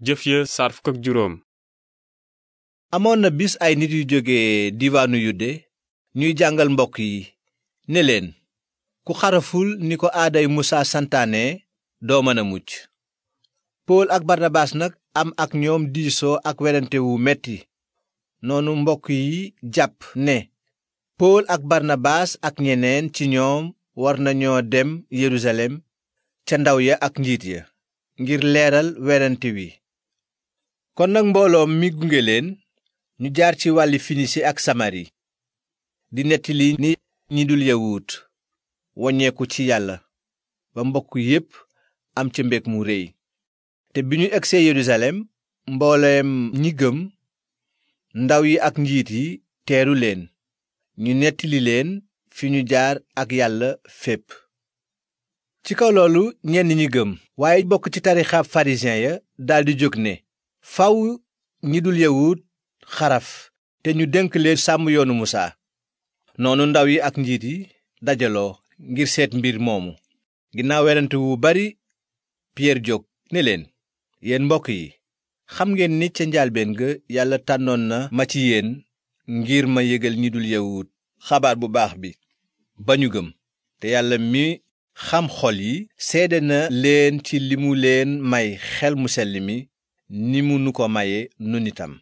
jëf ya saar fukk amoon na bis ay nit yu jóge diiwaanu yude ñuy jàngal mbokk yi ne leen ku xaraful ni ko aaday musaa santaane doo mën a mucc pool ak barnabaas nag am ak ñoom diisoo ak werante metti noonu mbokk yi jàpp ne pool ak barnabaas ak ñeneen ci ñoom war nañoo dem yerusalem ca ndaw ya ak njiit ya ngir leeral werante wi kon nag mbooloo mi gunge leen ñu jaar ci wàlli finisi ak samari di nettali ni ñi dul yawut woññeeku ci yàlla ba mbokk yépp am ca mbég mu réy te bi ñu egsee yerusalem mbooleem ñi gëm ndaw yi ak njiit yi teeru leen ñu nettali leen fi ñu jaar ak yàlla fépp ci kaw loolu ñenn ñi gëm waaye bokk ci tarixaab farisiyen ya daldi jóg né faw ñi dul yawut xaraf te ñu dénk leen sàmm yoonu musaa noonu ndaw yi ak njiit yi dajaloo ngir seet mbir moomu ginnaaw werante wu bari piyeer jóg ni leen yéen mbokk yi xam ngeen ni ca njaalbeen ga yàlla tànnoon na ma ci yéen ngir ma yégal ñi dul yawut xabaar bu baax bi ba ñu gëm te yàlla mi xam xol yi seede na leen ci li mu leen may xel mu sell mi ni mu nu ko maye nun itam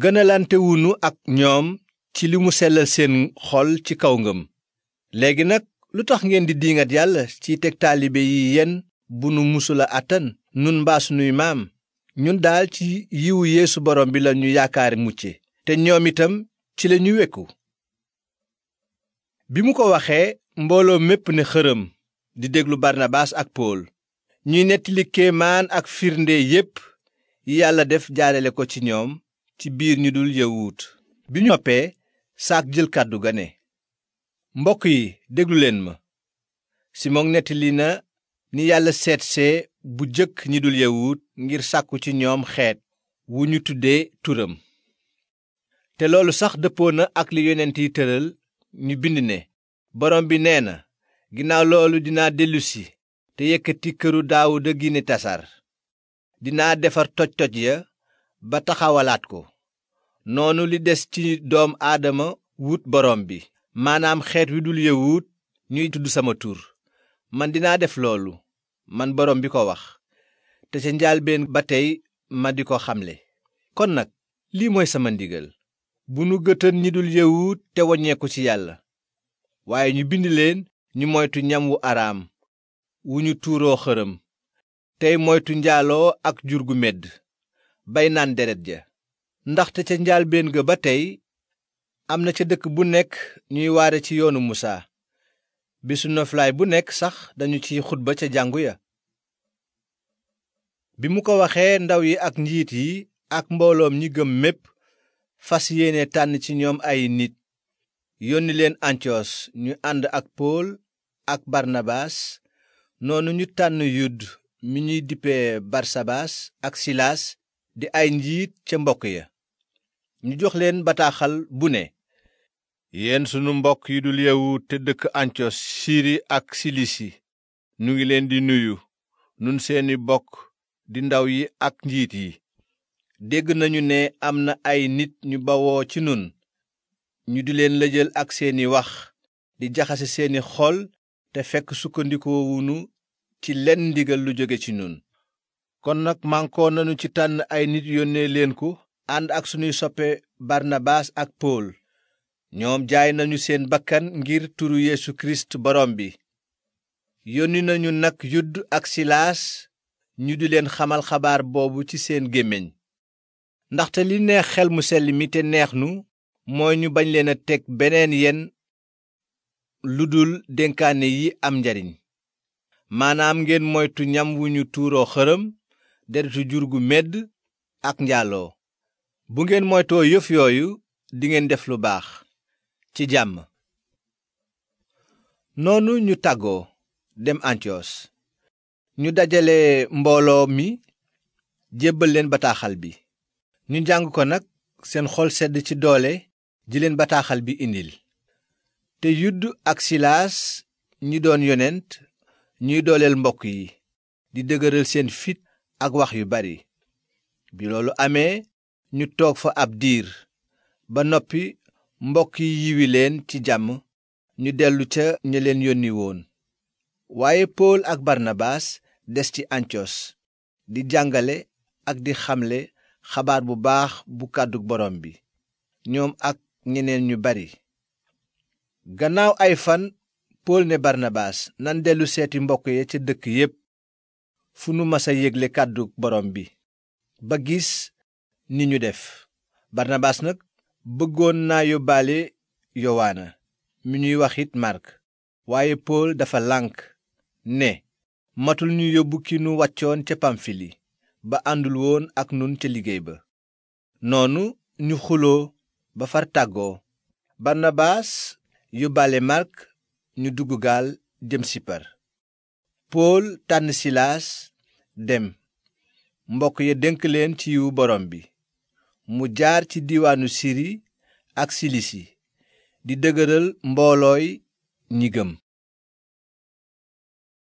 gënalante wunu ak ñoom ci li mu sellal seen xol ci kaw ngëm léegi nag lu tax ngeen di diingat yàlla ci teg taalibe yi yen bu nu musula àttan nun mbaa sunuy maam ñun daal ci yiwu yéesu borom bi lañu yaakaar mucce te ñoom itam ci lañu wekku bi mu ko waxee mbooloo mépp ne xërëm di déglu barnabaas ak pool ñuy nettali kéemaan ak firnde yépp yi yàlla def jaarale ko ci ñoom ci biir ñu dul yëwuut bi ñoppee noppee saak jël kàddu ga ne mbokk yi déglu leen ma simon nettali na ni yàlla seetse bu jëkk ñu dul yawut ngir sàkku ci ñoom xeet wu ñu tuddee turam te loolu sax dëppoo na ak li yonent yi tëral ñu bind ne borom bi nee na ginnaaw loolu dinaa dellusi te yëkkati këru daawuda gi ne tasar dinaa defar toj-toj ya ba taxawalaat ko noonu li des ci doom aadama wut borom bi maanaam xeet wi dul yëwut ñuy tudd sama tur man dinaa def loolu man borom bi ko wax te ca njaalbeen ba tey ma di ko xamle kon nag lii mooy sama ndigal bu nu gëtën ñi dul yëwut te waññeeku ci yàlla waaye ñu bind leen ñu moytu ñam wu araam wu ñu tuuroo xërëm tey moytu njaaloo ak jur gu medd bay naan deret ja ndaxte ca njaalbéen ga ba tey am na ca dëkk bu nekk ñuy waare ci yoonu musaa bisu noflaay bu nekk sax dañu ciy xutba ca jàngu ya bi mu ko waxee ndaw yi ak njiit yi ak mbooloom ñi gëm mépp fas yéene tànn ci ñoom ay nit yónni leen antiyos ñu ànd ak pool ak barnabaas noonu ñu tànn yudd mi ñuy dippee barsabaas ak silaas di ay njiit ca mbokk ya ñu jox leen bataaxal bu ne yéen sunu mbokk yi dul yawut te dëkk antiyos siri ak silisi ñu ngi leen di nuyu nun seeni bokk di ndaw yi ak njiit yi dégg nañu ne am na ay nit ñu bawoo ci nun ñu di leen lëjal ak seeni wax di jaxase seeni xol te fekk sukkandikoowunu ci lenn ndigal lu jóge ci nun kon nag mànkoo nanu ci tànn ay nit yónnee leen ko ànd ak sunuy soppe barnabaas ak pool ñoom jaay nañu seen bakkan ngir turu yeesu kirist borom bi yónni nañu nag yudd ak silaas ñu di leen xamal xabaar boobu ci seen gémmiñ ndaxte li neex xel mu selli mi te neex nu mooy ñu bañ leen a teg beneen yen lu dul dénkaane yi am njariñ maanaam ngeen moytu ñam wu ñu tuuroo xërëm deretu jur gu medd ak njaaloo bu ngeen moytoo yëf yooyu dingeen def lu baax ci jàmm noonu ñu tàggoo dem antiyos ñu dajale mbooloo mi jébbal leen bataaxal bi ñu jàng ko nag seen xol sedd ci doole ji leen bataaxal bi indil te yudd ak silaas ñi doon yonent ñuy dooleel mbokk yi di dëgëral seen fit ak wax yu bari bi loolu amee ñu toog fa ab diir ba noppi mbokk yi yiwi leen ci jàmm ñu dellu ca ña leen yónni waaye pool ak barnabaas des ci antiyos di jàngale ak di xamle xabaar bu baax bu kàddu boroom bi ñoom ak ñeneen ñu bari pool ne barnabaas nan dellu seeti mbokk ya ca dëkk yépp fu nu masa yégle kàddu borom bi ba gis ni ñu def barnabaas nag bëggoon naa yóbbaale yowaana mi ñuy waxit màrk waaye pool dafa lànk ne matul ñu yóbbu ki nu wàccoon ca pamfili ba àndul woon ak nun ca liggéey ba noonu ñu xuloo ba far tàggoo barnabaas yóbbaale màrk ñu dugg gaal jëm sipar pool tànn silaas dem mbokk ya dénk leen ci yiwu borom bi mu jaar ci diwaanu siri ak silisi di dëgëral mboolooy ñi gëm